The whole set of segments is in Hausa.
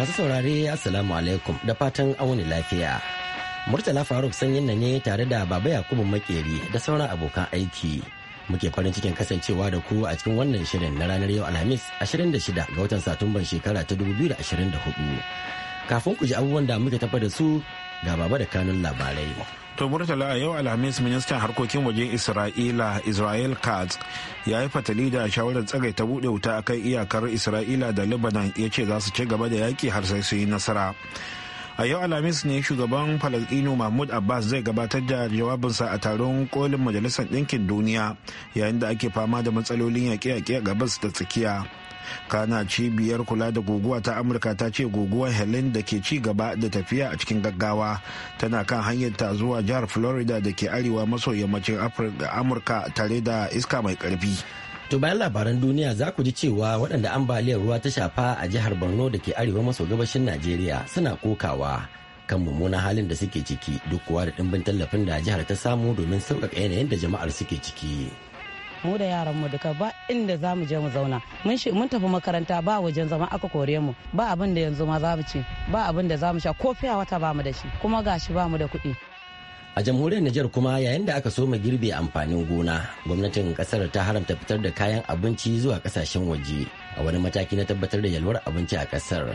Masu saurare Assalamu alaikum da fatan auni lafiya. Murtala Faruk sanyin na ne tare da Baba Yakubu Makeri da sauran abokan aiki. Muke farin cikin kasancewa da ku a cikin wannan shirin na ranar yau Alhamis 26 ga watan Satumban shekara ta 2024. Kafin ku ji abubuwan da muke tafa da su ga Baba da kanun labarai. To Murtala a yau Alhamis ministan harkokin wajen Isra'ila Israel Katz ya yi fatali da shawarar tsagaita buɗe wuta a kai iyakar Isra'ila da Lebanon ya ce za su ci gaba da yaki har sai su yi nasara. a yau alhamis ne shugaban falasdino mahmud abbas zai gabatar da jawabinsa a taron kolin majalisar ɗinkin duniya yayin da ake fama da matsalolin yaƙe-yaƙe a gabas da tsakiya kana cibiyar kula da guguwa ta amurka ta ce guguwar helen da ke ci gaba da tafiya a cikin gaggawa tana kan hanyar ta zuwa jihar florida da ke arewa maso yammacin amurka tare da iska mai karfi To bayan labaran duniya za ku ji cewa waɗanda ambaliyar ruwa ta shafa a jihar Borno da ke arewa maso gabashin Najeriya suna kokawa kan mummunan halin da suke ciki duk kuwa da ɗimbin tallafin da jihar ta samu domin sauƙaƙa yanayin da jama'ar suke ciki. mu da yaran mu duka ba inda za mu je mu zauna mun shi mun tafi makaranta ba wajen zama aka kore mu ba abin da yanzu ma za mu ci ba abin da za mu sha ko fiya wata ba mu da shi kuma gashi ba mu da kuɗi a jamhuriyar Nijar kuma yayin da aka soma girbe amfanin gona gwamnatin kasar ta haramta fitar da kayan abinci zuwa kasashen waje a wani mataki na tabbatar da yalwar abinci a kasar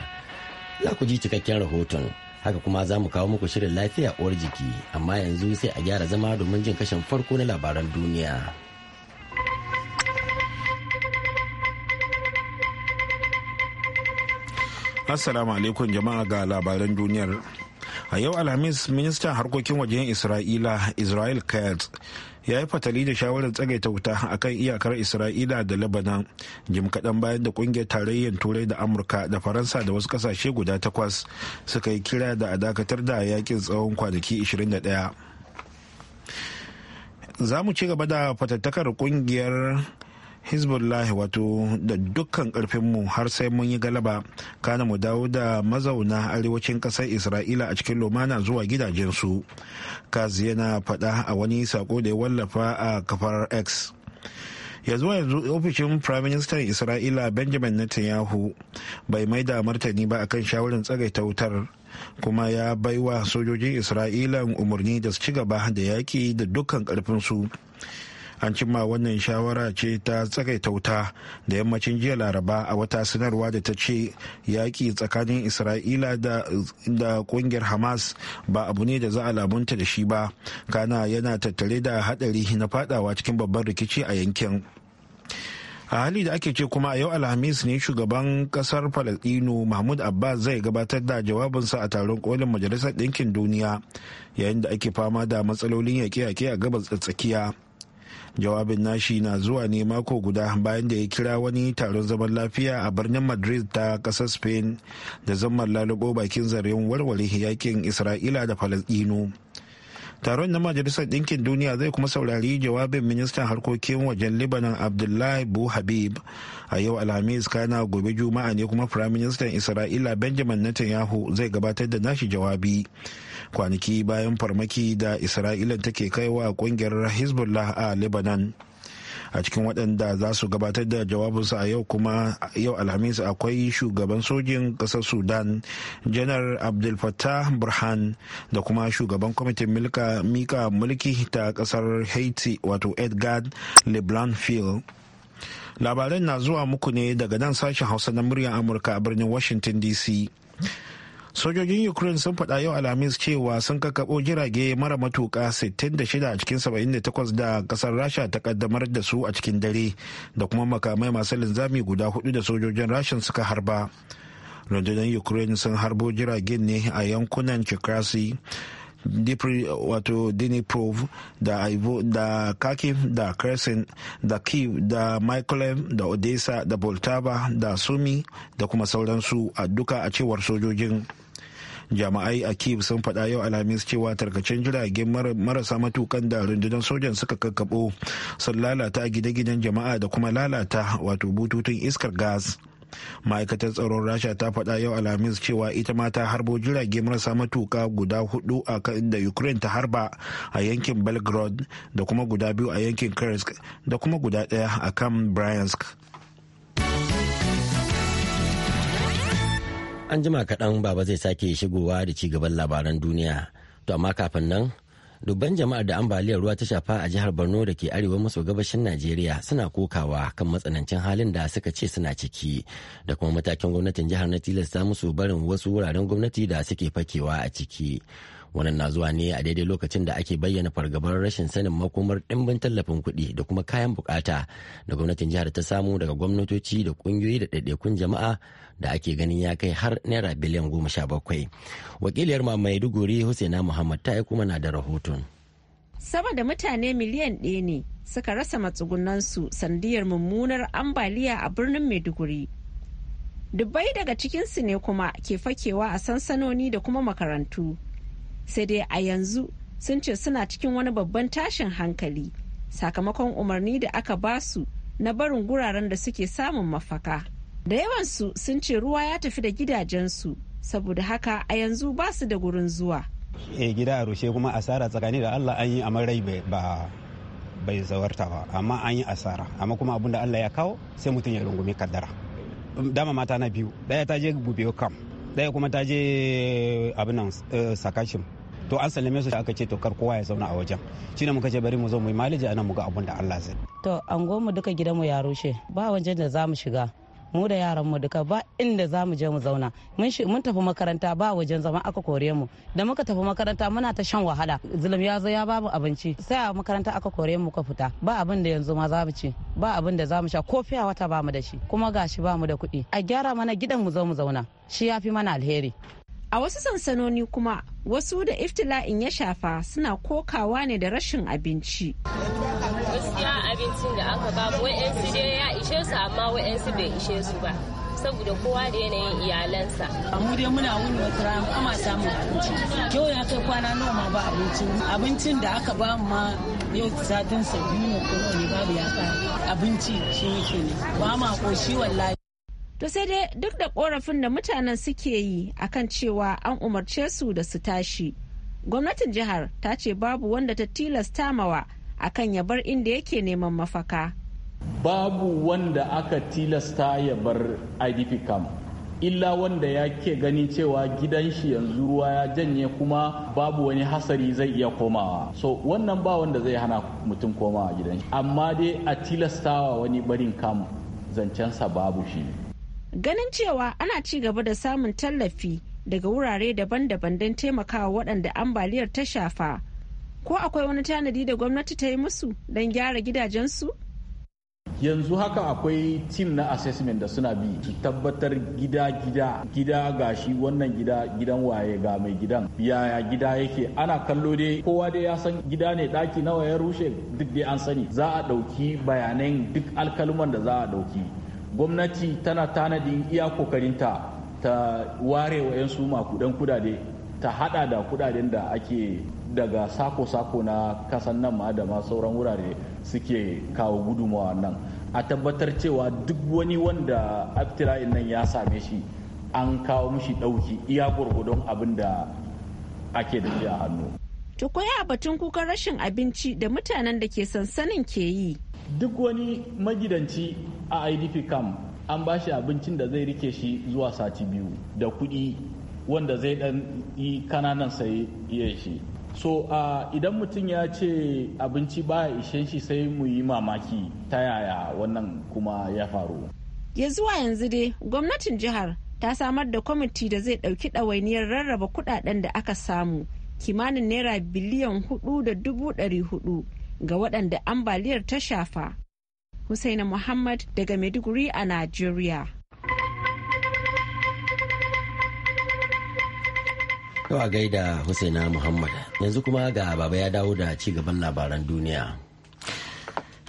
za ku ji cikakken rahoton haka kuma za mu kawo muku shirin lafiya uwar jiki amma yanzu sai a gyara zama domin jin kashin farko na labaran duniya. Assalamu alaikum jama'a ga labaran duniyar. A yau Alhamis ministan harkokin wajen Isra'ila Israel Katz ya yi fatali da shawarar tsagaita wuta a kan iyakar Isra'ila da Lebanon jim kaɗan bayan da ƙungiyar tarayyar Turai da Amurka da Faransa da wasu ƙasashe guda takwas suka yi kira da a dakatar da yakin tsawon kwanaki 21. Za mu ci gaba da fatattakar kungiyar. hezbollah wato da dukkan karfinmu har sai mun yi galaba kana mu dawo da mazauna arewacin kasar isra'ila a cikin lomana zuwa gidajensu kazi yana fada a wani sako da ya wallafa a kafar x yanzu yanzu ofishin prime minister isra'ila benjamin netanyahu bai mai da martani ba akan shawarar tsagaita wutar kuma ya baiwa sojojin isra'ila umarni da su ci gaba da yaki da dukkan karfinsu. an cimma wannan shawara ce ta tsagaita wuta da yammacin jiya laraba a wata sanarwa da ta ce yaƙi tsakanin isra'ila da ƙungiyar hamas ba abu ne da za a labunta da shi ba kana yana tattare da haɗari na fadawa cikin babban rikici a yankin a hali da ake ce kuma a yau alhamis ne shugaban kasar falasdino mahmud abbas zai gabatar da jawabinsa a taron kolin majalisar ɗinkin duniya yayin da ake fama da matsalolin yaƙe-yaƙe a gabas tsakiya jawabin nashi na zuwa ne mako guda bayan da ya kira wani taron zaman lafiya a birnin madrid ta kasar spain da zaman lalubo bakin zaren warware yakin isra'ila da falasdino taron na majalisar ɗinkin duniya zai kuma saurari jawabin ministan harkokin wajen libanon abdullahi bu habib a yau alhamis kana gobe juma'a ne kuma firayim ministan isra'ila benjamin netanyahu zai gabatar da nashi jawabi kwanaki bayan farmaki da isra'ila take kaiwa kungiyar hezbollah a libanon a cikin waɗanda za su gabatar da jawabinsu a yau kuma yau alhamis akwai shugaban sojin ƙasar sudan janar abdul fattah burhan da kuma shugaban kwamitin mika mulki ta ƙasar haiti wato edgar leblanc phil labaran na zuwa muku ne daga nan sashen hausa na muryar amurka a birnin washington dc sojojin ukraine sun faɗa yau alhamis cewa sun kakaɓo jirage mara matuƙa 66 a cikin 78 da ƙasar rasha ta ƙaddamar da su a cikin dare da kuma makamai masu linzami guda hudu da sojojin rashin suka harba rundunar ukraine sun harbo jiragen ne a yankunan chikrasi wato da ivo da kakiv da kresin da kiv da mikolev da odessa da boltava da sumi da kuma sauransu a duka a cewar sojojin jama'ai a kiev sun faɗa yau alhamis cewa tarkacen jiragen marasa matukan da rundunar sojan suka kakkaɓo sun lalata a gine jama'a da kuma lalata wato bututun iskar gas ma'aikatar tsaron rasha ta faɗa yau alhamis cewa ita ma ta harbo jirage marasa matuka guda hudu a kan da ukraine ta harba a yankin belgrade da kuma guda biyu a yankin kursk da kuma guda daya a kan bryansk An jima kaɗan baba zai sake shigowa da ci gaban labaran duniya. To amma kafin nan dubban jama'ar da ambaliyar ruwa ta shafa a jihar Borno da ke arewa maso gabashin Najeriya suna kokawa kan matsanancin halin da suka ce suna ciki da kuma matakin gwamnatin jihar na tilasta musu barin wasu wuraren gwamnati da suke fakewa a ciki. wannan na zuwa ne a daidai lokacin da ake bayyana fargabar rashin sanin makomar ɗimbin tallafin kuɗi da kuma kayan bukata da gwamnatin jihar ta samu daga gwamnatoci da ƙungiyoyi da ɗaiɗaikun jama'a da ake ganin ya kai har naira biliyan goma sha bakwai wakiliyar maiduguri husaina muhammad ta yi kuma na da rahoton sama da mutane miliyan ɗaya ne suka rasa matsugunansu sandiyar mummunar ambaliya a birnin maiduguri dubbai daga cikinsu ne kuma ke fakewa a sansanoni da kuma makarantu sai dai a yanzu sun ce suna cikin wani babban tashin hankali sakamakon umarni da aka ba su na barin guraren da suke samun mafaka da yawansu sun ce ruwa ya tafi da gidajensu saboda haka a yanzu ba su da gurin zuwa e gida a rushe kuma asara tsakani da allah an yi amma rai ba bai zawarta ba amma an yi asara amma kuma abin da allah ya kawo sai mutum ya rungumi kaddara dama mata na biyu daya ta je gubewa kam daya kuma ta je eh, abin nan eh, sakashin to an sallame su aka ce to kar kowa ya zauna a wajen shi ne muka ce bari mu zo mu yi maliji anan mu ga abun da Allah zai to an mu duka gidanmu ya rushe ba wajen da za mu shiga mu da yaran mu duka ba inda za mu je mu zauna mun mun tafi makaranta ba wajen zama aka kore mu da muka tafi makaranta muna ta shan wahala zulum ya zo ya babu abinci sai a makaranta aka kore mu ka fita ba abin da yanzu ma za mu ci ba abin da za mu sha ko fiya wata ba mu da shi kuma gashi ba mu da kuɗi a gyara mana gidan mu zo mu zauna shi ya fi mana alheri A wasu sansanoni kuma wasu da iftila'in ya shafa suna kokawa ne da rashin abinci. Gaskiya abincin da aka ba wa'yansu dai ya ishe su amma wa'yansu bai ishe su ba. saboda kowa da yanayin iyalansa. mu dai muna wuni wata rana ama samun abinci. Yau ya kai kwana nawa ma ba abincin. Abincin da aka ba ma yau satin sa biyu ne ko ne babu ya kai Abinci shi yake ne. Ba ma ko shi wallahi. To sai dai duk da korafin da mutanen suke yi akan cewa an umarce su da su tashi. Gwamnatin jihar ta ce babu wanda ta tilasta mawa akan ya bar inda yake neman mafaka. Babu wanda aka tilasta ya bar IDP camp. illa wanda ya ke gani cewa gidan shi yanzu ruwa ya janye kuma babu wani hasari zai iya komawa so wannan ba wanda zai hana mutum komawa gidan shi amma dai a tilastawa wani barin kam zancensa babu shi Ganin cewa ana ci gaba da samun tallafi daga wurare daban-daban don taimakawa waɗanda ambaliyar ta shafa. Ko akwai wani tanadi da gwamnati ta yi musu don gyara gidajensu? yanzu haka akwai tim na assessment da suna bi su tabbatar gida-gida gida gashi wannan gida gidan waye ga mai gidan yaya gida yake ana kallo dai kowa dai ya san gida ne daki nawa ya rushe duk dai an sani za a ɗauki bayanan duk alkaluman da za a ɗauki gwamnati tana tanadin iya kokarinta ta ware wa 'yan su makudan kudade ta hada da kudaden da ake daga sako-sako na kasan nan ma da ma sauran wurare suke kawo gudunmawa nan a tabbatar cewa duk wani wanda aftirayin nan ya same shi an kawo mushi ɗauki iya gurgudun abin da ake da a hannu. Tukwai a batun kukan rashin abinci da mutanen da ke sansanin ke yi. duk wani magidanci a idp camp an ba shi abincin da zai rike shi zuwa sati biyu da kuɗi wanda zai ɗan yi kananan sai iya shi so uh, idan mutum ya ce abinci baya ishen shi sai mu yi mamaki ta yaya wannan kuma ya faru ya zuwa yanzu dai gwamnatin jihar ta samar da kwamiti da zai ɗauki ɗawainiyar rarraba kuɗaɗen da aka samu kimanin naira biliyan hudu da dubu ɗari hudu ga waɗanda ambaliyar ta shafa. Husaina Muhammad daga Maiduguri a Najeriya. kawai gaida Husaina Muhammad yanzu kuma ga baba ya dawo da ci gaban labaran duniya.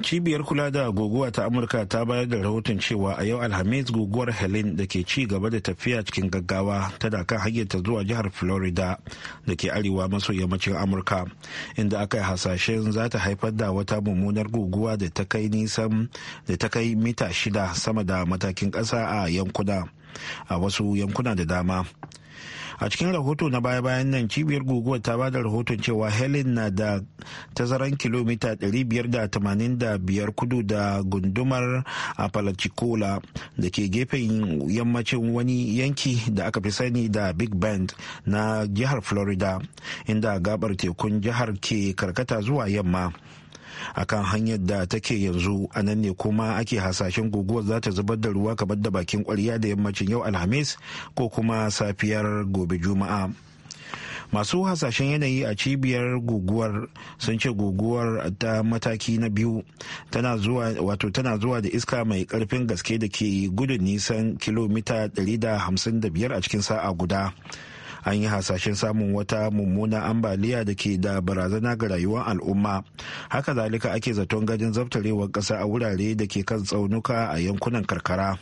cibiyar kula da guguwa ta amurka ta bayar da rahoton cewa a yau alhamis guguwar helen da ke ci gaba da tafiya cikin gaggawa tana kan hanyarta zuwa jihar florida da ke arewa maso yammacin amurka inda aka yi hasashen za ta haifar da wata mummunar guguwa da ta kai nisan da ta kai mita shida sama da matakin ƙasa a yankuna a wasu yankuna da dama a cikin rahoto na baya-bayan nan cibiyar guguwa ta bada rahoton cewa helen na da tazaran kilomita 585 kudu da gundumar apalachicola da ke gefen yammacin wani yanki da aka fi sani da big bend na jihar florida inda gabar tekun jihar ke karkata zuwa yamma a kan hanyar da take yanzu a nan ne kuma ake hasashen guguwar za ta zubar da ruwa kamar da bakin kwarya da yammacin yau alhamis ko kuma safiyar gobe juma'a masu hasashen yanayi a cibiyar guguwar sun ce guguwar ta mataki na biyu tana zuwa wato tana zuwa da iska mai karfin gaske da ke gudun nisan kilomita 155 a cikin sa'a guda an yi hasashen samun wata mummuna ambaliya da ke da barazana ga rayuwar al'umma haka zalika ake zaton gajin zabtarewar ƙasa a wurare da ke kan tsaunuka a yankunan karkara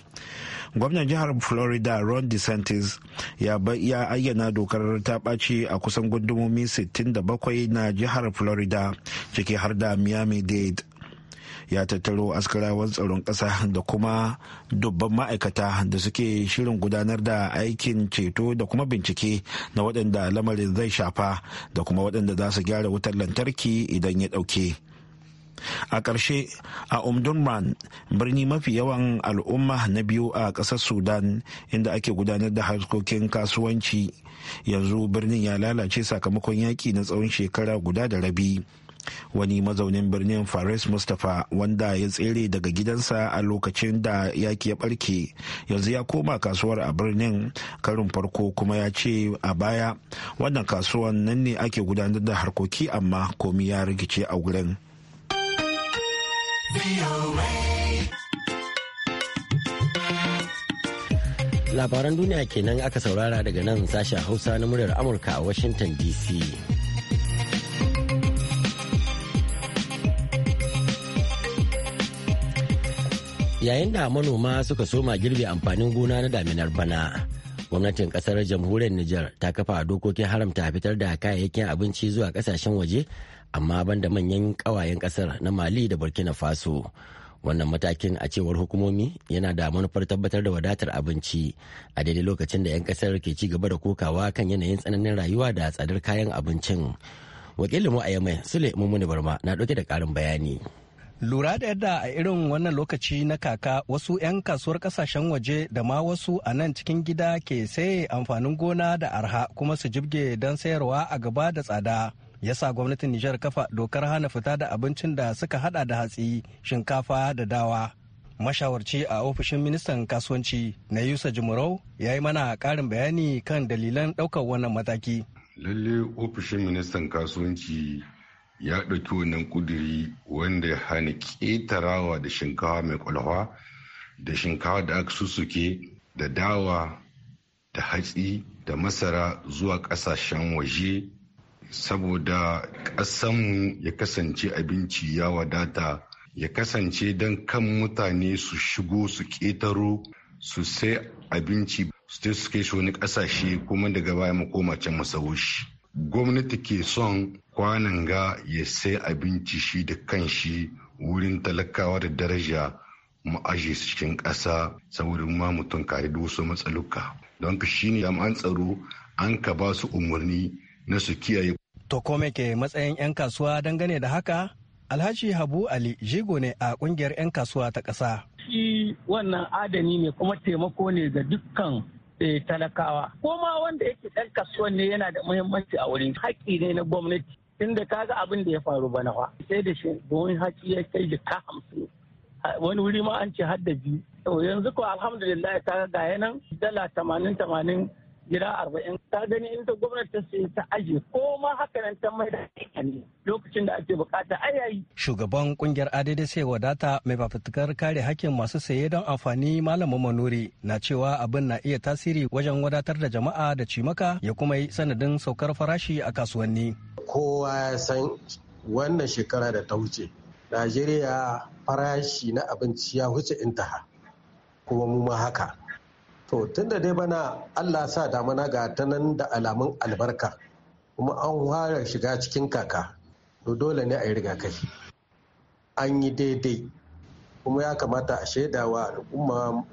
gwamnan jihar florida ron desantis ya ayyana dokar ta ɓaci a kusan gundumomi 67 na jihar florida ciki har da miami dade ya tattaro askarawan tsaron ƙasa da kuma dubban ma'aikata da suke shirin gudanar da aikin ceto da kuma bincike na waɗanda lamarin zai shafa da kuma waɗanda za su gyara wutar lantarki idan ya ɗauke. a ƙarshe a umdurman birni mafi yawan al'umma na biyu a ƙasar sudan inda ake gudanar da harkokin kasuwanci yanzu birnin ya lalace sakamakon yaƙi na tsawon shekara guda da rabi wani mazaunin birnin faris mustapha wanda ya tsere daga gidansa a lokacin da yaki ya barke yanzu ya koma kasuwar a birnin karin farko kuma ya ce a baya wannan kasuwan nan ne ake gudanar da harkoki amma komi ya rikice a wurin labaran duniya kenan aka saurara daga nan sashen hausa na muryar amurka a washington dc yayin da manoma suka soma girbe amfanin gona na daminar bana gwamnatin kasar jamhuriyar niger ta kafa dokokin haramta fitar da kayayyakin abinci zuwa kasashen waje amma banda manyan kawayen kasar na mali da burkina faso wannan matakin a cewar hukumomi yana da manufar tabbatar da wadatar abinci a daidai lokacin da 'yan kasar ke ci gaba da kokawa kan yanayin tsananin rayuwa da tsadar kayan abincin wakilin mu a yamai sule mummuni barma na dauke da karin bayani Lura da yadda a irin wannan lokaci na kaka wasu 'yan kasuwar kasashen waje da ma wasu a nan cikin gida ke saye amfanin gona da arha kuma su jibge don sayarwa a gaba da tsada. yasa gwamnatin Nijar kafa dokar hana fita da abincin da suka hada da hatsi, shinkafa da dawa. Mashawarci a ofishin ministan kasuwanci na Yusa jimurau ya yi mana karin bayani kan dalilan daukar wannan mataki. Lalle ofishin ministan kasuwanci ya ɗauki wannan ƙuduri wanda ya hana ƙetarawa da shinkawa mai ƙwalhwa da shinkawa da aka susuke da dawa da hatsi da masara zuwa ƙasashen waje saboda ƙasanmu ya kasance abinci ya wadata ya kasance don kan mutane su shigo su ƙetaro su sai abinci su suke shi wani ƙasashe kuma daga baya mu koma can mu shi. gwamnati ke son kwanan ga ya sai abinci shi da kanshi wurin talakawa da daraja mu aje cikin ƙasa saboda ma mutum kare da wasu matsaluka don ka shine jami'an tsaro an ka ba su umarni na su kiyaye. To kome ke matsayin 'yan kasuwa dangane da haka? Alhaji Habu Ali jigo ne a kungiyar 'yan kasuwa ta ƙasa. Shi wannan adani ne kuma taimako ne ga dukkan Eh, talakawa ko ma wanda yake ɗan kasuwan ne yana da muhimmanci a wurin haƙƙi ne na gwamnati ka ga abin da ya faru bana fa sai da shi domin haƙƙi ya kai da ka hamsin wani wuri ma an ce har da biyu yanzu ko alhamdulillah ta ga yanan dala tamanin tamanin gida arba'in ta gani in ta gwamnati ta sai ta aje ko ma haka nan ta mai da ne lokacin da ake bukata a yayi. Shugaban kungiyar sai wadata mai fafutukar kare hakkin masu saye don amfani malamin manuri na cewa abin na iya tasiri wajen wadatar da jama'a da cimaka ya kuma yi sanadin saukar farashi a kasuwanni. Kowa ya san wannan shekara da ta wuce. Najeriya farashi na abinci ya wuce intaha kuma mu ma haka. to tun da dai bana allah sa damana ga ta nan da alamun albarka kuma an fara shiga cikin kaka to dole ne a yi riga kai. an yi daidai kuma ya kamata a wa al'umma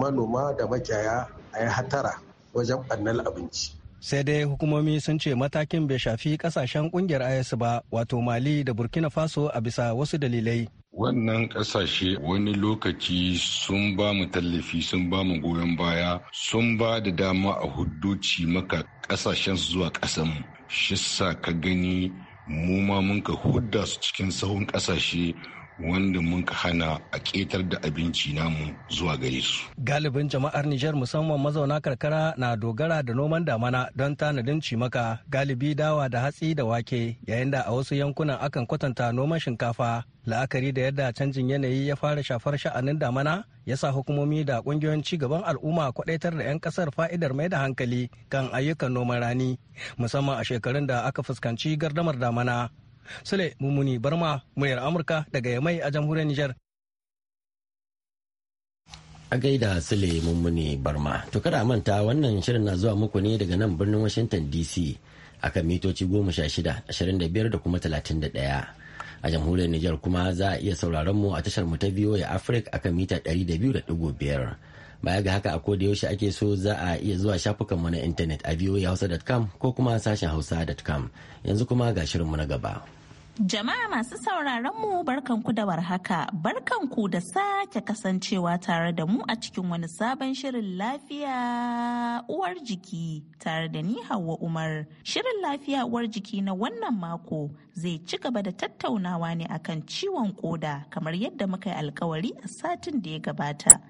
manoma da makiyaya a yi hatara wajen ɓannar abinci sai dai hukumomi sun ce matakin bai shafi kasashen kungiyar is ba wato mali da burkina faso a bisa wasu dalilai wannan kasashe wani lokaci sun ba mu tallafi sun ba mu goyon baya sun ba da dama a hudduci maka kasashen zuwa kasan shisa ka gani mu ma mun ka hudda su cikin sahun kasashe wanda mun ka hana a ketar da abinci namu zuwa gare su. Galibin jama'ar Nijar musamman mazauna karkara na dogara da noman damana don tanadin cimaka galibi dawa da hatsi da wake yayin da a wasu yankunan akan kwatanta noman shinkafa la'akari da yadda canjin yanayi ya fara shafar sha'anin damana ya sa hukumomi da kungiyoyin gaban al'umma kwadaitar da 'yan kasar fa'idar mai da hankali kan ayyukan noman rani musamman a shekarun da aka fuskanci gardamar damana Sule Mumuni Barma, muryar Amurka daga Yamai a jamhuriyar Nijar. A gaida Sule Mummuni Barma, to kada manta wannan shirin na zuwa muku ne daga nan birnin Washington DC akan mitoci goma sha shida, ashirin da biyar da kuma talatin da ɗaya. A jamhuriyar Nijar kuma za a iya sauraron mu a tashar mu ta VOA Africa akan mita ɗari da biyu da ɗigo biyar. Baya ga haka a koda yaushe ake so za a iya zuwa shafukan mu na intanet a voahausa.com ko kuma sashen hausa.com. Yanzu kuma ga shirinmu na gaba. Jama'a masu sauraron mu barkanku da warhaka, ku da sake kasancewa tare da mu a cikin wani sabon shirin lafiya uwar jiki tare da ni Hauwa Umar. Shirin lafiya uwar jiki na wannan mako zai ci gaba da tattaunawa ne akan ciwon koda kamar yadda muka yi alkawari a satin da ya gabata.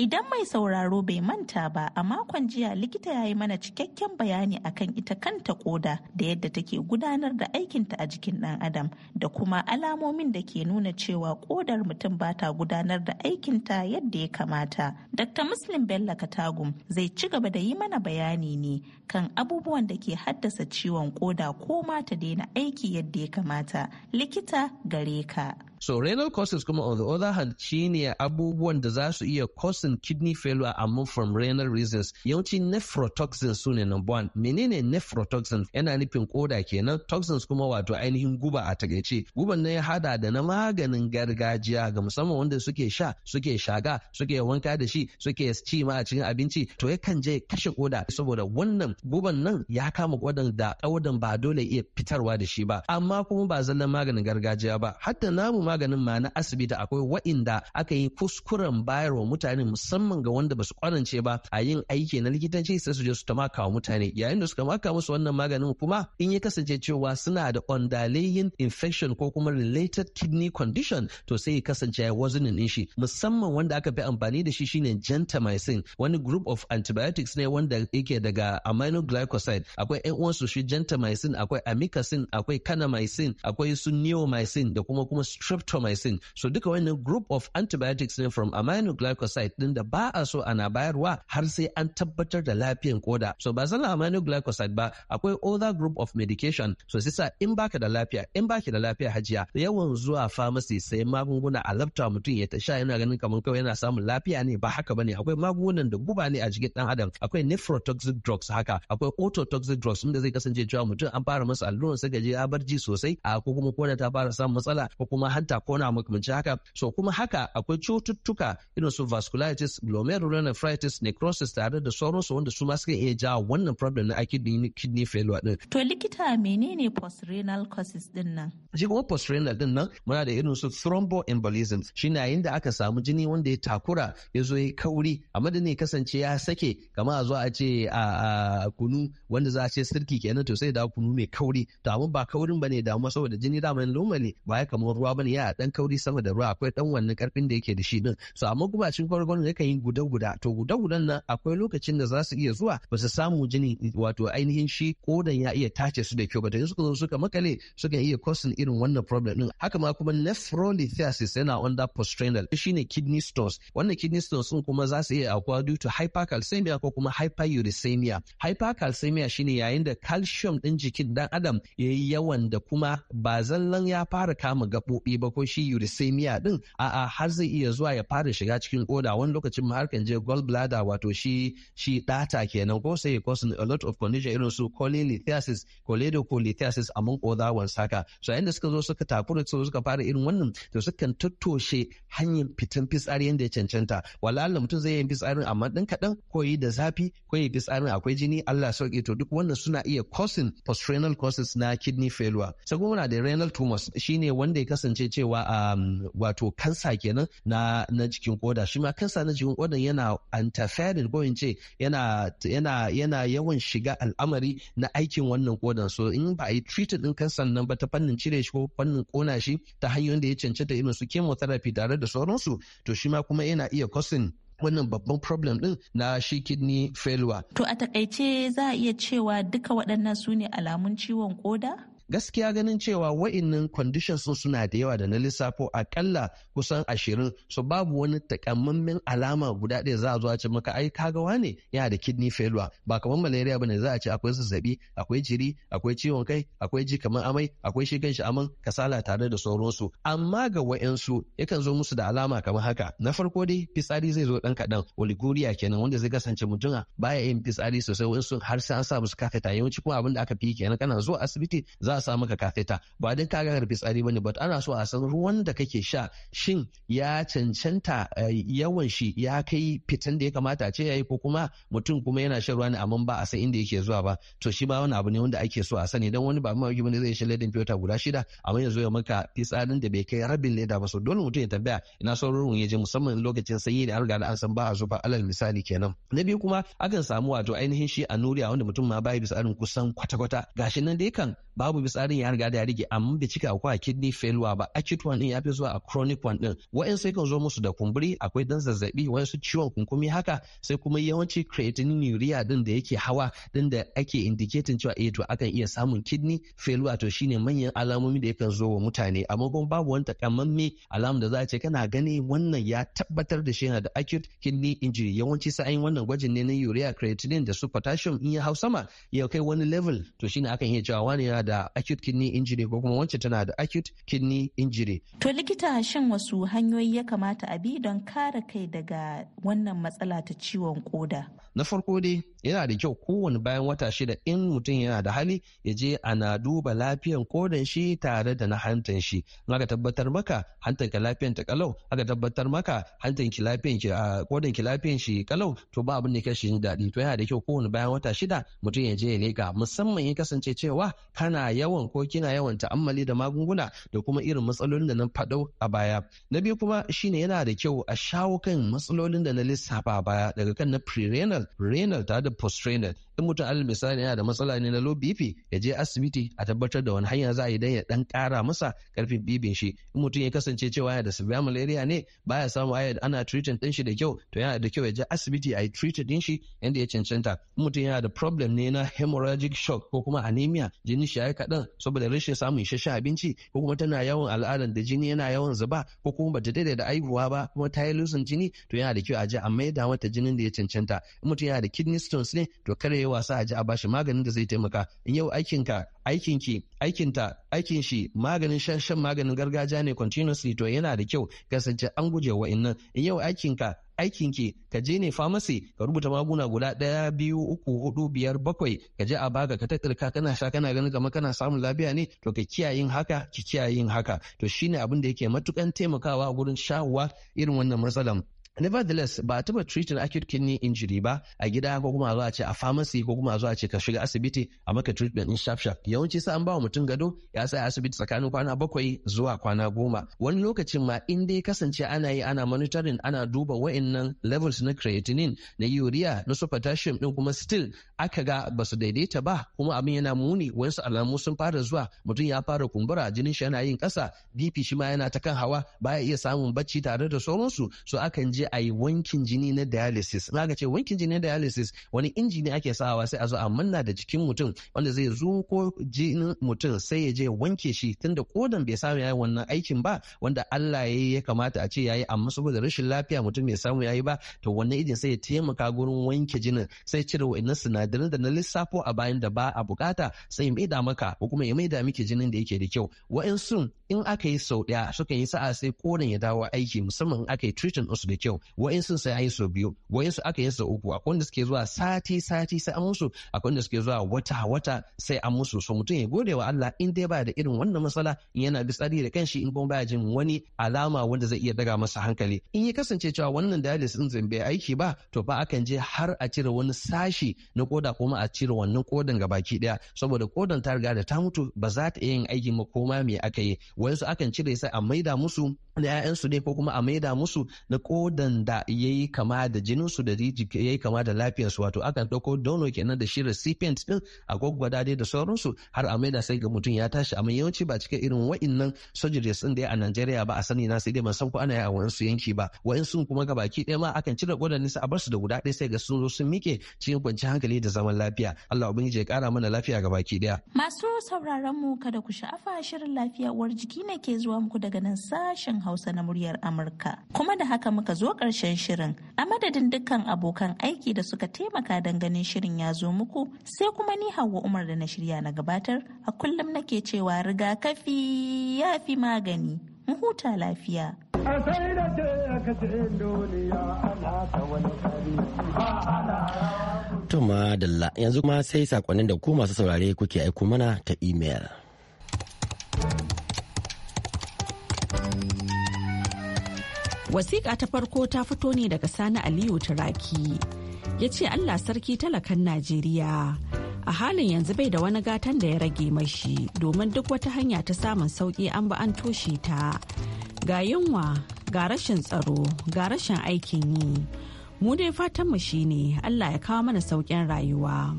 Idan mai sauraro bai manta ba a makon jiya likita ya yi mana cikakken bayani akan ita kanta koda da yadda take gudanar da aikinta a jikin ɗan adam da kuma alamomin da ke nuna cewa kodar mutum ba ta gudanar da aikinta yadda ya kamata. Dr. Muslim Bello Katagum zai ci gaba da yi mana bayani ne kan abubuwan da ke haddasa ciwon koda ko ma ta daina aiki yadda ya kamata. Likita gare ka. So renal causes kuma on the other hand shi ne abubuwan da za su iya causing kidney failure amma from renal reasons. Yawanci nephrotoxins su ne number one. Menene nephrotoxins? Yana nufin koda kenan toxins kuma wato ainihin guba a takaice. Guban nan ya hada da na maganin gargajiya ga musamman wanda suke sha, suke shaga, suke wanka da shi, suke ci ma a cikin abinci to yakan je kashe koda saboda wannan guban nan ya kama kodan da kodan ba dole iya fitarwa da shi ba. Amma kuma ba zallan maganin gargajiya ba. Hatta namu maganin ma na asibiti akwai wa'inda aka yi kuskuren bayar wa mutane musamman ga wanda ba su kwanance ba a yin aiki na likitanci sai su je su tamaka wa mutane yayin da suka maka musu wannan maganin kuma in ya kasance cewa suna da ondalayin infection ko kuma related kidney condition to sai ya kasance ya wazinin din shi musamman wanda aka fi amfani da shi shine gentamicin wani group of antibiotics ne wanda yake daga aminoglycoside akwai yan uwansu shi gentamicin akwai amikacin akwai kanamicin akwai su neomycin da kuma kuma strep streptomycin so duka wannan group of antibiotics ne from aminoglycoside din da ba a so ana bayarwa har sai an tabbatar da lafiyan koda so ba zalla aminoglycoside ba akwai other group of medication so sai sa in baka da lafiya in baki da lafiya hajiya yawan zuwa pharmacy sai magunguna a lafta mutum ya ta sha yana ganin kamar kawai yana samun lafiya ne ba haka bane akwai magungunan da guba ne a jikin dan adam akwai nephrotoxic drugs haka akwai ototoxic drugs inda zai kasance cewa mutum an fara masa alluran sai gaji ya bar ji sosai a ko kuma kona ta fara samun matsala ko kuma hanta hanta ko na makamanci haka so kuma haka akwai cututtuka irin su vasculitis glomerular nephritis, necrosis tare da sauransu wanda su ma suka iya jawo wannan problem na acute kidney failure din to likita menene post renal causes din nan shi kuma renal din nan muna da irin su thromboembolism shine yin da aka samu jini wanda ya takura ya zo ya kauri a madadin kasance ya sake kamar a zo a ce a kunu wanda za a ce sirki kenan to sai da kunu mai kauri to amma ba kaurin bane amma saboda jini da mai lumali ba ya kamar ruwa bane a ɗan kauri sama da ruwa akwai ɗan wannan ƙarfin da yake da shi din so amma kuma a cikin gwargwaron yakan yi guda guda to guda gudan nan akwai lokacin da za su iya zuwa ba su samu jini wato ainihin shi kodan ya iya tace su da kyau ba to in suka zo suka makale suka iya causing irin wannan problem din haka ma kuma nephrolithiasis yana under postrenal ne kidney stones wannan kidney stones sun kuma za su iya akwa due to hypercalcemia ko kuma hyperuricemia hypercalcemia shine yayin da calcium ɗin jikin dan adam yayi yawan da kuma ba zallan ya fara kama gabobi ba ko shi uricemia din a'a har zai iya zuwa ya fara shiga cikin koda wani lokacin ma harkan je gallbladder wato shi shi data kenan ko sai cause a lot of condition irin su cholelithiasis cholelithiasis among other ones haka so yayin da suka zo suka takura su suka fara irin wannan to sukan tattoshe hanyar fitan fitsari yadda ya cancanta wala Allah mutum zai yi fitsarin amma dan kaɗan koyi da zafi koyi fitsarin akwai jini Allah sauki to duk wannan suna iya causing postrenal causes na kidney failure sai kuma da renal tumors shine wanda ya kasance cewa um, wato kansa kenan na na jikin koda shi ma kansa na jikin kodan yana interfering ko in ce yana yawan shiga al'amari na aikin wannan kodan so in ba a yi treated din kansa nan ba ta fannin cire shi ko fannin kona shi ta hanyoyin da ya cancanta irin su chemotherapy tare da sauransu to shi ma kuma yana iya causing wannan babban problem din na shi kidney failure. To a takaice za a iya cewa duka waɗannan su ne alamun ciwon koda? gaskiya ganin cewa wa'innan conditions sun suna da yawa da na lissafo akalla kusan ashirin so babu wani takamammen alama guda ɗaya za a zo a ce maka ai kaga ne? yana da kidney failure ba kamar malaria bane za a ce akwai zazzabi akwai jiri akwai ciwon kai akwai ji kamar amai akwai shi kanshi aman kasala tare da sauransu amma ga wa'insu yakan zo musu da alama kamar haka na farko dai fitsari zai zo ɗan kaɗan oliguria kenan wanda zai kasance mutum baya yin fitsari sosai wa'insu har sai an sa musu kafeta yawanci kuma abin da aka fi kenan kana zuwa asibiti za sa maka kafeta ba dan ka ga fitsari bane but ana so a san ruwan da kake sha shin ya cancanta eh, yawan shi ya kai fitan da ya kamata a ce yayi ko kuma mutum kuma yana shan ruwa ne amma ba a san inda yake zuwa ba to shi ba wani abu ne wanda ake so a sani dan wani ba mai bane zai sha ledin fiota guda shida amma yanzu ya maka fitsarin da bai kai rabin leda ba so dole mutum ya tambaya ina son ruwan ya je musamman lokacin sanyi da an riga da an san ba a zuba alal misali kenan na biyu kuma akan samu wato ainihin shi a nuriya wanda mutum ma bai bisa kusan kwata-kwata gashi nan dai kan babu tsarin ya riga da ya rige amma bai cika akwai kidney failure ba acute one din ya fi zuwa a chronic one din wa'in sai kan zo musu da kumburi akwai dan zazzabi wasu ciwon kunkumi haka sai kuma yawanci creatinine din da yake hawa din da ake indicating cewa eh to akan iya samun kidney failure to shine manyan alamomi da yakan zo wa mutane amma kuma babu wani takamamme alamu da za a ce kana gani wannan ya tabbatar da shi yana da acute kidney injury yawanci sai an wannan gwajin ne na urea creatinine da su potassium in ya hau sama ya kai wani level to shine akan iya cewa wani yana da acute kidney injury ko kuma wacce tana da acute kidney injury. To likita shin wasu hanyoyi ya kamata a bi don kare kai daga wannan matsala ta ciwon koda? Na farko dai yana da kyau kowane bayan wata shida in mutum yana da hali ya je ana duba lafiyan kodan shi tare da na hantan shi. aka tabbatar maka hantan ka lafiyan ta kalau aka tabbatar maka hantan ki lafiyan ki kodan ki lafiyan shi kalau to ba abin da kashi ni daɗi to yana da kyau kowane bayan wata shida mutum ya je ya leka musamman ya kasance cewa kana yawan yawan ko kina yawan ta'ammali da magunguna da kuma irin matsalolin da na faɗo a baya na biyu kuma shine yana da kyau a shawo kan matsalolin da na lissafa a baya daga kan na pre-renal renal tare da post-renal in mutum alal misali yana da matsala ne na low bp ya je asibiti a tabbatar da wani hanya za a yi dan ya dan kara masa karfin bibin shi in mutum ya kasance cewa yana da severe malaria ne baya samu ayad ana treating din shi da kyau to yana da kyau ya je asibiti a yi treated din shi yanda ya cancanta in mutum yana da problem ne na hemorrhagic shock ko kuma anemia jini shi ya kaɗan saboda rashin samun isasshen abinci ko kuma tana yawan al'adan da jini yana yawan zuba ko kuma bata daidai da aihuwa ba kuma ta yi jini to yana da kyau a je a maida mata jinin da ya cancanta in mutum yana da kidney stones ne to kare wasa a ji a bashi maganin da zai taimaka in yau aikinka ki aikinta aikin shi maganin shan shan maganin gargajiya ne continuously to yana da kyau kasance an guje wa in yau aikinka ki ka je ne famasi ka rubuta maguna guda ɗaya biyu uku hudu biyar bakwai ka je a baka ka tattalka kana sha kana ganin kamar kana samun lafiya ne to ka kiyayin haka ki kiyayin haka to shine abin da yake matukan taimakawa gurin shawa irin wannan matsalan nevertheless ba a taba treating acute kidney injury ba a gida ko kuma a zo a ce a pharmacy ko kuma a zo a ce ka shiga asibiti a maka treatment din sharp sharp yawanci sai an ba wa mutum gado ya sai asibiti tsakanin kwana bakwai zuwa kwana goma wani lokacin ma in dai kasance ana yi ana monitoring ana duba wa'annan levels na creatinine na urea na su potassium din kuma still aka ga ba su daidaita ba kuma abin yana muni wasu alamu sun fara zuwa mutum ya fara kumbura jinin shi yana yin kasa bp shi ma yana ta kan hawa baya iya samun bacci tare da sauransu su akan je a yi wankin jini na dialysis za ka ce wankin jini na dialysis wani inji ne ake sawa sai a zo a manna da jikin mutum wanda zai zo ko jinin mutum sai ya je wanke shi tunda kodan bai samu yayi wannan aikin ba wanda Allah ya ya kamata a ce yayi amma saboda rashin lafiya mutum bai samu yayi ba to wannan injin sai ya taimaka gurin wanke jinin sai cire wa'annan sinadaran da na lissafo a bayan da ba a bukata sai ya maida maka ko kuma ya maida miki jinin da yake da kyau wa'ansu in aka yi sau daya suka yi sa'a sai koren ya dawo aiki musamman in aka yi treating su da kyau kyau wa'insu sai yi sau biyu wa'insu aka yi uku akwai wanda suke zuwa sati sati sai an musu akwai wanda suke zuwa wata wata sai an musu so mutum ya gode wa Allah in dai ba da irin wannan matsala in yana tsari da kanshi in kuma ya jin wani alama wanda zai iya daga masa hankali in ya kasance cewa wannan dialysis din zan bai aiki ba to ba akan je har a cire wani sashi na koda kuma a cire wannan kodan gabaki daya saboda kodan ta riga da ta mutu ba za ta iya yin aiki ma koma me aka yi su akan cire sai a maida musu na 'ya'yansu ne ko kuma a maida musu na koda waɗanda ya yi kama da jininsu da ya yi kama da lafiyarsu wato akan ɗauko dono kenan da shi recipient ɗin a gwaggwada dai da sauransu har a maida sai ga mutum ya tashi amma yawanci ba cikin irin wa'innan surgeries ɗin da ya a Najeriya ba a sani na sai dai ban san ko ana yi a wasu yanki ba wa'insu kuma gabaki ɗaya ma akan cire gwadannin su a bar su da guda ɗaya sai ga sun zo sun miƙe cikin kwanci hankali da zaman lafiya Allah ubangiji ya ƙara mana lafiya baki ɗaya. Masu sauraron mu kada ku sha'afa shirin lafiya uwar jiki ne ke zuwa muku daga nan sashen Hausa na muryar Amurka kuma da haka muka zo zo ƙarshen shirin a madadin dukkan abokan aiki da suka taimaka don ganin shirin ya zo muku sai kuma ni hawa umar da na shirya na gabatar a kullum nake cewa rigakafi ya fi magani mu huta lafiya To madalla yanzu ma sai sakonnin da ku masu saurare kuke aiko mana ta imel. Wasiƙa ta farko ta fito ne daga Sani Aliyu Turaki. Ya ce Allah sarki talakan Najeriya. A halin yanzu bai da wani gatan da ya rage mashi domin duk wata hanya ta samun sauƙi an ba an toshe ta. Ga yunwa, ga rashin tsaro, ga rashin aikin yi. Mu dai fatanmu shine Allah ya kawo mana sauƙin rayuwa.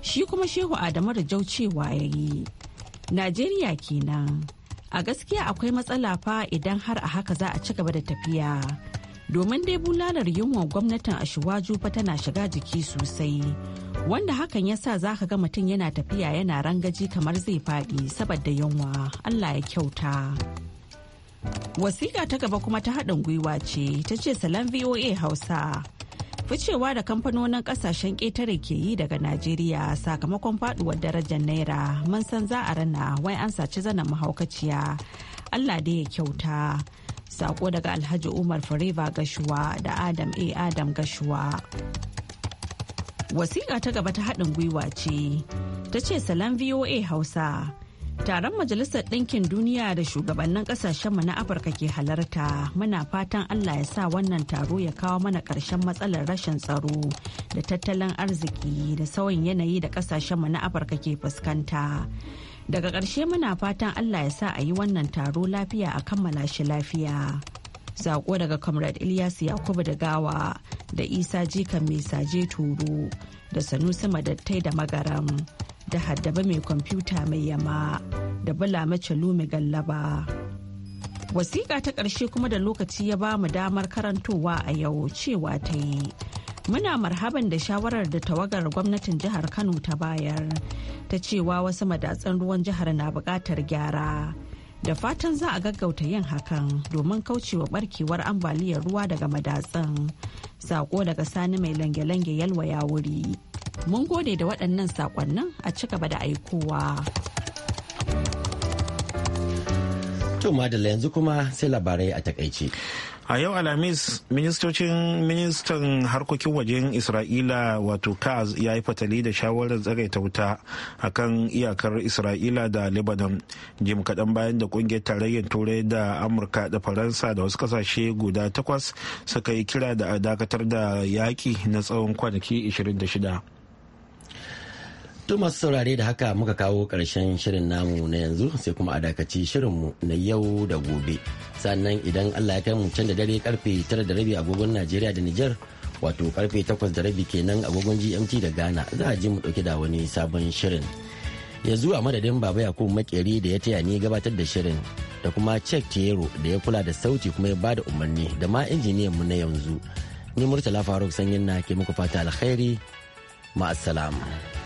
Shi kuma Shehu Adamu da cewa ya yi. Najeriya kenan. a gaskiya akwai matsala fa idan har a haka za a ci gaba da tafiya domin dai bulalar yunwa gwamnatin a shiwaju fa tana shiga jiki sosai wanda hakan ya sa za ka ga mutum yana tafiya yana rangaji kamar zai faɗi saboda yunwa allah ya kyauta wasiƙa ta gaba kuma ta haɗin gwiwa ce ta ce salon voa hausa ficewa da kamfanonin kasashen ƙetare ke yi daga najeriya sakamakon faduwar darajar naira mun san za a rana wai an saci zanen mahaukaciya allah da ya kyauta sako daga alhaji umar Fureba gashuwa da adam a adam gashuwa wasiƙa ta gaba ta haɗin gwiwa ce ta ce salon voa hausa taron majalisar ɗinkin duniya da shugabannin mu na afirka ke halarta muna fatan allah ya sa wannan taro ya kawo mana ƙarshen matsalar rashin tsaro da tattalin arziki da sauyin yanayi da ƙasashen mu na afirka ke fuskanta daga ƙarshe muna fatan allah ya sa a yi wannan taro lafiya a kammala shi lafiya zaƙo daga comrade ilyas yakubu da gawa da isa jikan mai saje turu da sanusi madattai da magaram da haddaba mai kwamfuta mai yama da bala mace lumi gallaba wasiƙa ta ƙarshe kuma da lokaci ya ba mu damar karantowa a yau cewa ta yi muna marhaban da shawarar da tawagar gwamnatin jihar kano ta bayar ta cewa wasu madatsan ruwan jihar na buƙatar gyara da fatan za a gaggauta yin hakan domin kaucewa barkewar ambaliyar ruwa daga madatsan sako daga sani mai lange-lange yalwa ya wuri Mun gode da waɗannan saƙonnin a ci gaba da aikowa. To madalla yanzu kuma sai labarai a takaice. A yau Alhamis, ministocin ministan harkokin wajen Isra'ila wato Kaz ya yi fatali da shawarar tsagaita wuta a kan iyakar Isra'ila da Lebanon. Jim kaɗan bayan da ƙungiyar tarayyar Turai da Amurka da Faransa da wasu ƙasashe guda takwas suka yi kira da dakatar da yaƙi na tsawon kwanaki 26. To masu saurare da haka muka kawo ƙarshen shirin namu na yanzu sai kuma a dakaci shirinmu na yau da gobe. Sannan idan Allah ya kai mu can da dare karfe tara da rabi agogon Najeriya da Nijar wato karfe takwas da rabi kenan agogon GMT da Ghana za a ji mu ɗauki da wani sabon shirin. Ya zuwa madadin Baba Yakubu Makeri da ya taya ni gabatar da shirin da kuma Cek tiero da ya kula da sauti kuma ya bada umarni da ma injiniyan mu na yanzu. Ni Murtala Faruk Sanyin na ke muku fata alkhairi. Ma'assalam.